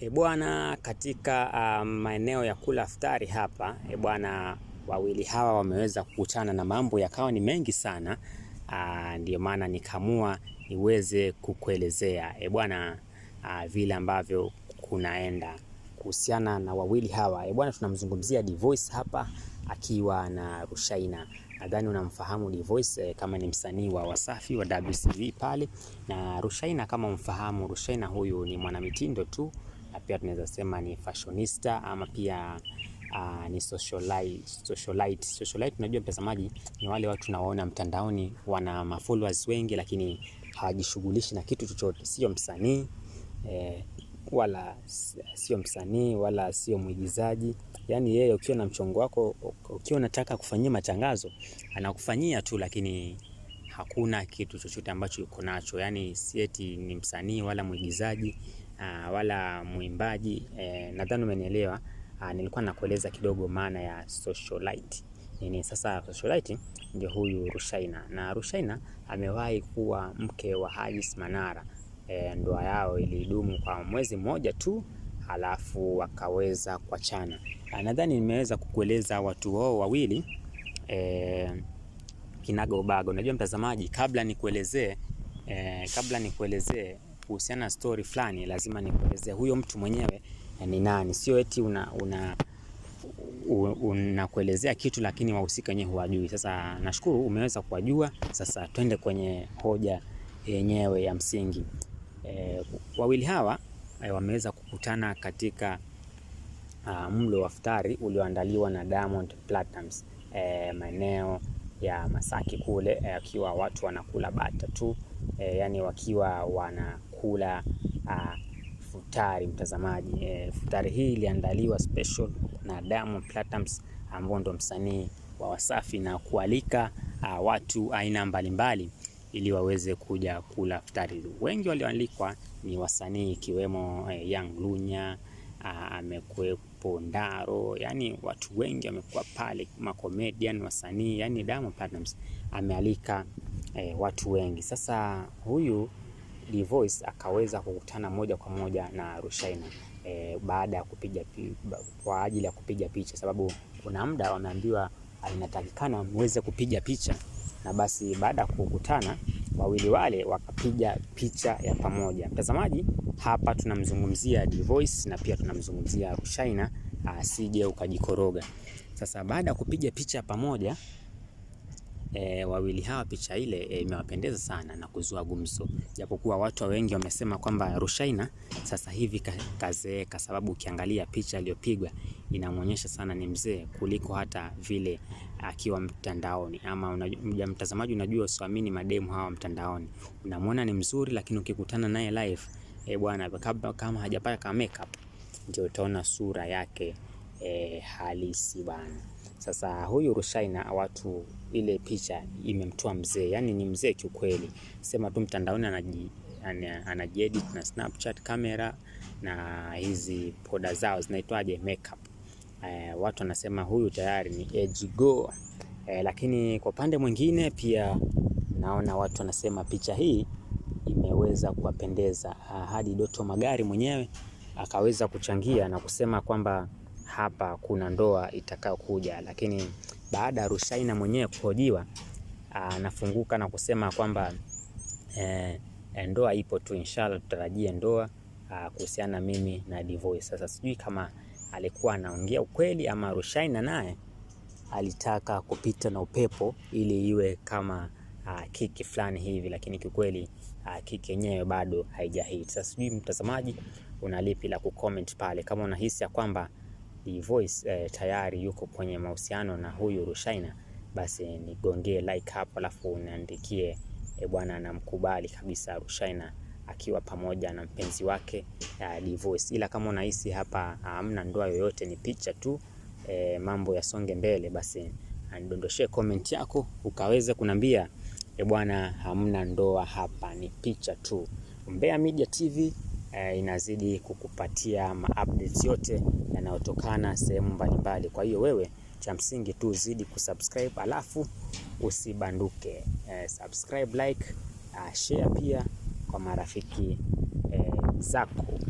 E bwana, katika uh, maeneo ya kula iftari hapa e bwana, wawili hawa wameweza kukutana na mambo yakawa ni mengi sana. Uh, ndio maana nikamua niweze kukuelezea e bwana, uh, vile ambavyo kunaenda kuhusiana na wawili hawa e bwana, tunamzungumzia D'voice hapa akiwa na Rushaina. Nadhani unamfahamu D'voice eh, kama ni msanii wa Wasafi wa WCB pale, na Rushaina kama umfahamu Rushaina, huyu ni mwanamitindo tu na pia tunaweza sema ni fashionista ama pia Uh, ni socialite, socialite. Socialite unajua, mtazamaji, ni wale watu nawaona mtandaoni wana mafollowers wengi, lakini hawajishughulishi na kitu chochote, sio msanii eh, wala sio msanii wala sio mwigizaji. Yani yeye ukiwa na mchongo wako, ukiwa unataka kufanyia matangazo, anakufanyia tu, lakini hakuna kitu chochote ambacho yuko nacho, yani sieti ni msanii wala mwigizaji uh, wala mwimbaji eh, nadhani umenielewa. Uh, nilikuwa nakueleza kidogo maana ya socialite nini. Sasa socialite ndio huyu Rushaina na rushaina amewahi kuwa mke wa Hajis Manara. E, ndoa yao ilidumu kwa mwezi mmoja tu, halafu wakaweza kuachana. Ah, nadhani nimeweza kukueleza watu wao wawili e, kinaga Unajua mtazamaji, kabla nikuelezee e, kabla nikuelezee kuhusiana na story fulani, lazima nikueleze huyo mtu mwenyewe ni nani. Sio eti una, una unakuelezea kitu lakini wahusika wenyewe huwajui. Sasa nashukuru umeweza kuwajua. Sasa twende kwenye hoja yenyewe ya msingi. E, wawili hawa e, wameweza kukutana katika a, mlo wa futari ulioandaliwa na Diamond Platnumz e, maeneo ya Masaki kule, e, akiwa e, watu wanakula bata tu e, yani wakiwa wana kula uh, futari mtazamaji. E, futari hii iliandaliwa special na Diamond Platnumz ambao ndo msanii wa Wasafi na kualika uh, watu aina mbalimbali ili waweze kuja kula futari. Wengi walioalikwa ni wasanii ikiwemo eh, Young Lunya ah, amekuwepo Ndaro, yani watu wengi wamekuwa pale, makomedian, wasanii, yani Diamond Platnumz amealika eh, watu wengi. Sasa huyu Divoice akaweza kukutana moja kwa moja na Rushaina e, baada ya kupiga kwa ajili ya kupiga picha, sababu kuna muda wameambiwa inatakikana muweze kupiga picha, na basi baada ya kukutana wawili wale wakapiga picha ya pamoja. Mtazamaji, hapa tunamzungumzia Divoice na pia tunamzungumzia Rushaina asije ukajikoroga. Sasa baada ya kupiga picha pamoja e, wawili hawa picha ile eh, imewapendeza e, sana na kuzua gumzo, japokuwa watu wengi wamesema kwamba Rushaina sasa hivi kazeeka, sababu ukiangalia picha aliyopigwa inamwonyesha sana ni mzee kuliko hata vile akiwa mtandaoni. Ama unajua, mtazamaji, unajua usiamini mademu hawa mtandaoni, unamwona ni mzuri, lakini ukikutana naye live e, bwana, kama hajapaka makeup ndio utaona sura yake e, halisi bana. Sasa huyu Rushaynah watu, ile picha imemtoa mzee, yani ni mzee kiukweli, sema tu mtandaoni anaji anajiedit na Snapchat kamera na hizi poda zao zinaitwaje, makeup e, watu wanasema huyu tayari ni age go e, eh, lakini kwa upande mwingine pia naona watu wanasema picha hii imeweza kuwapendeza ah, hadi Doto Magari mwenyewe akaweza kuchangia na kusema kwamba hapa kuna ndoa itakayokuja, lakini baada ya Rushaynah mwenyewe kuhojiwa ah, anafunguka na kusema kwamba eh, eh, ndoa ipo tu, inshallah tutarajie ndoa ah, kuhusiana mimi na Divoice. Sasa sijui kama alikuwa anaongea ukweli ama Rushaina naye alitaka kupita na upepo ili iwe kama a, ah, kiki fulani hivi, lakini kiukweli kiki yenyewe bado haijahit. Sasa sijui mtazamaji, una lipi la kucomment pale, kama unahisi ya kwamba Voice eh, tayari yuko kwenye mahusiano na huyu Rushaina, basi nigongee like hapo, alafu niandikie e, bwana anamkubali kabisa Rushaina akiwa pamoja na mpenzi wake uh, eh, Dvoice. Ila kama unahisi hapa hamna ndoa yoyote, ni picha tu eh, mambo yasonge mbele, basi anidondoshee comment yako ukaweze kunambia, e eh, bwana, hamna ndoa hapa, ni picha tu. Umbea Media TV eh, inazidi kukupatia maupdates yote yanayotokana sehemu mbalimbali. Kwa hiyo wewe cha msingi tu zidi kusubscribe, alafu usibanduke. Eh, subscribe, like, share pia kwa marafiki eh, zako.